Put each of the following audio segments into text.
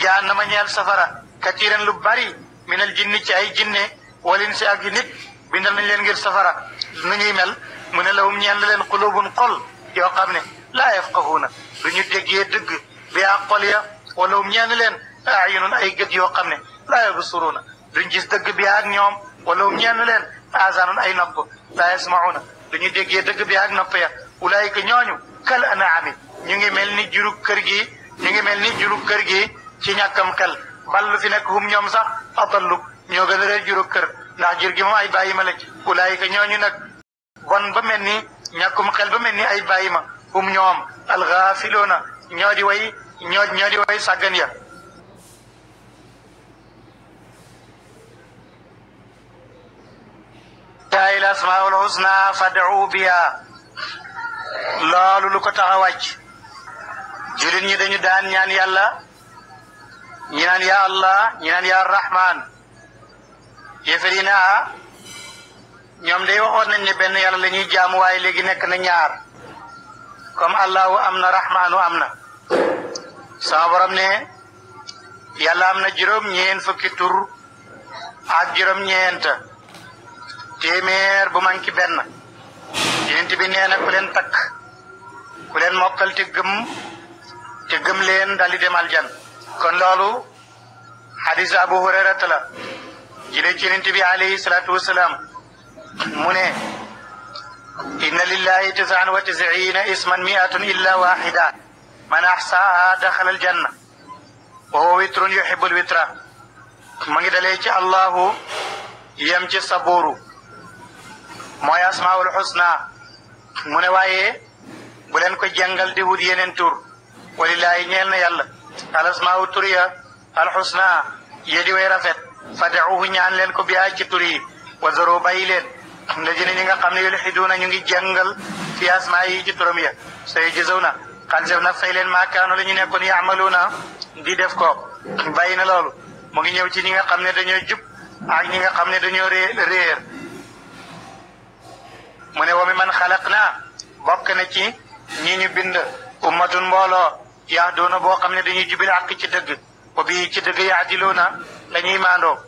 jahannama ñeel safara katiiran lu bari minal jinni ci ay jinne walin si ak yi nit bindal nañ leen ngir safara nu ñuy mel mu ne lahum ñeel na leen xulubun kol yoo xam ne laa yafqahuuna du ñu déggee dëgg bi ak xol ya wala hum ñeel na leen ayunun ay gët yoo xam ne laa yabsuruuna duñ gis dëgg bi ak ñoom wala hum ñeel na leen aasaanun ay nopp laa yasmauna du ñu déggee dëgg bi ak napp ya ulaayika ñooñu kal ñu ngi mel ni jurug kër gi ñu ngi mel ni jurug kër gi ci ñàkkam xel bal lu fi nekk hum ñoom sax adallu ñoo gën a réer juru kër ndax jur moom ay bàyyi ma la ci ulaayika ñooñu nag bon ba mel ni ñàkkum xel ba mel ni ay bàyyi ma hum ñoom alxaafiloona ñoo di way ñoo ñoo di way sàggan ya taay la asmaul husna loolu lu ko tax a wàcc jullit ñi dañu daan ñaan yàlla ñinaan naan yaa allah ñi naan yaa rahman yéefar yi naa ñoom day waxoon nañ ne benn yàlla la ñuy jaamu waaye léegi nekk na ñaar comme allahu am na rahmaanu am na sama borom ne yàlla am na juróom-ñeent fukki tur ak juróom-ñeent téeméer bu manki benn yonent bi nee na ku leen takk ku leen mokkal te gëm leen daal di demal jan kon loolu xadisu abu hurayrata la jëlee ci yonent bi alayhi salaatu wasalaam mu ne inna lillahi tisaan wa tisiina isman illa waxida man axsaaha daxala aljanna wa huwa witrun yuhibu alwitra mu ngi dalee ci allahu yem ci sabuuru xusna mu ne waaye bu leen ko jàngal di wut yeneen tur walillahi ñeel na yàlla al asmaau turiya al xusna yedi way rafet fadauhu ñaan leen ko biyaa ci tur yi wa zoro bàyyi leen lajine ñi nga xam ne na ñu ngi jàngal fi asmaa yi ci turam ya say jësaw na xalsew na fay leen maakaano la ñu nekkoon yaamaluuna di def ko bàyyi na lool mu ngi ñëw ci ñi nga xam ne dañoo jub ak ñi nga xam ne dañoo réer mu ne wa mi man xalaq naa bokk na ci ñi ñu bind ummatun mbooloo yaa doona boo xam ne dañuy jubale àq ci dëgg wa bi ci dëgg yaa diloona la ñuy maandoo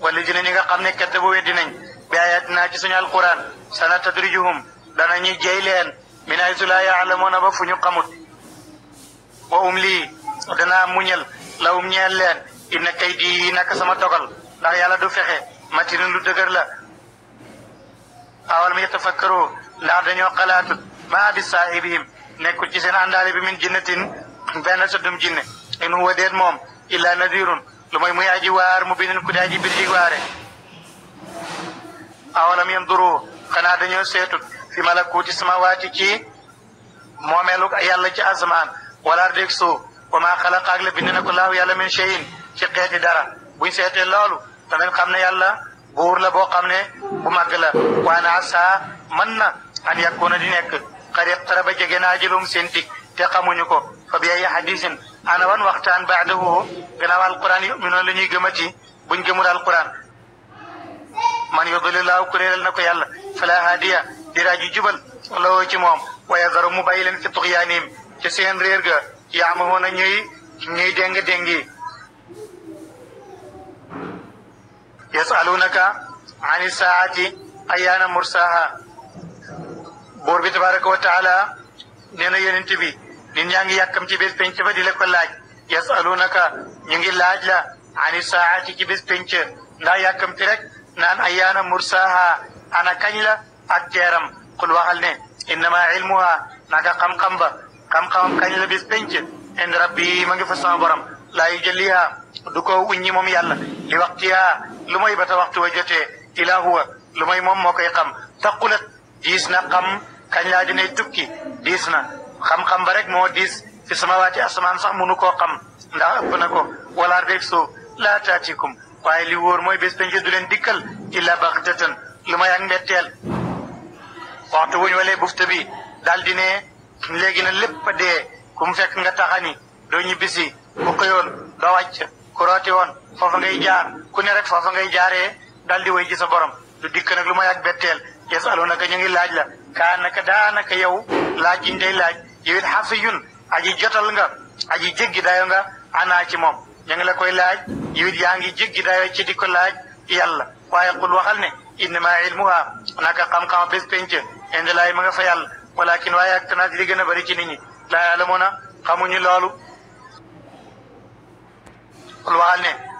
wala dina ñi nga xam ne kette bu weddi nañ bi ayaatinaa ci suñu alquran sana tadrijuhum dana ñuy jey leen min aysu laa yaalamoona ba fu ñu xamut wa um lii dana muñel la um ñeel leen inna kay di naka sama dogal ndax yàlla du fexe matinun lu dëgër la awalam yatafakkaroo ndax dañoo xalaatut maa bi saahibihim nekkul ci seen àndaale bi min jinnatin benn sëddum jinne in huwa déet moom illa nadirun lu mooy muy aji waar mu binin ku di waare awalam yanduru xanaa dañoo seetut fi malakuuti samawaati ci moomeelu yàlla ci asamaan wala ardeg suuf wa maa xalaqa ak la bind na ko yàlla min cheyin ci xeeti dara buñ seetee loolu danañ xam ne yàlla buur la boo xam ne bu màgg la waana asa mën na an yàkkoona di nekk qad iqtaraba jege na ajalum seen tig te xamuñu ko fa bi ay hadisin ana wan waxtaan baadahu gannaaw alquran yuminuun la ñuy gëmati buñ gëmul alquran man yudlillahu kuréelal na ko yàlla fala hadiya diraaju jubal lawoo ci moom waaye dara mu bàyyi leen fi tuxyaaniim ci seen réer ga yaamahoon a ñuy ñuy déng déngi yasalunaka ani saati ayaana mursaha boor bi tabaraka wa taala nee na yonent bi nit ñaa ngi yàkkam ci bés penc ba di la ko laaj yasalunaka ñu ngi laaj la ani saati ci bés penc ndaa yàkkamti rek naan ayaana mursaha ana kañ la ak teeram qul waxal ne innama ilmuha naka xam-xam ba xam-xamam kañ la bés penc rabbi ma ngi fa sama borom laa yujalliha du ko uññi moom yàlla li waxtiha lu may bata waxtu wa jotee ilaa huwa lu may moom moo koy xam taqulat diis na xam kañ laa dinay tukki diis na xam-xam ba rek moo diis fi samawaati asamaan sax mënu koo xam ndax ëpp na ko wala rek soo laa taatikum waaye li wóor mooy bés penc du leen dikkal illa baxtatan lu may ak mbetteel waxtu wuñ walee bufta bi daal di ne léegi na lépp a dee ku mu fekk nga taxani doo ñibbisi bu xëyoon doo wàcc ku rooti woon foofa ngay jaar ku ne rek foofa ngay jaaree daal di way ci sa borom du dikk lu may ak betteel yes aloo naka ñu ngi laaj la kaanaka naka yow laaj yi ñu day laaj yow it xafiyun aji jotal nga aji jéggi dayo nga anaa ci moom ñu ngi la koy laaj yow it yaa ngi jéggi dayo ci di laaj yàlla waaye qul waxal ne innama ilmuha naka xam-xam bés penc indi laay ma nga fa yàlla walakin waaye ak tanaat di gën a bëri ci nit ñi laa yàlla moona xamuñu loolu qul ne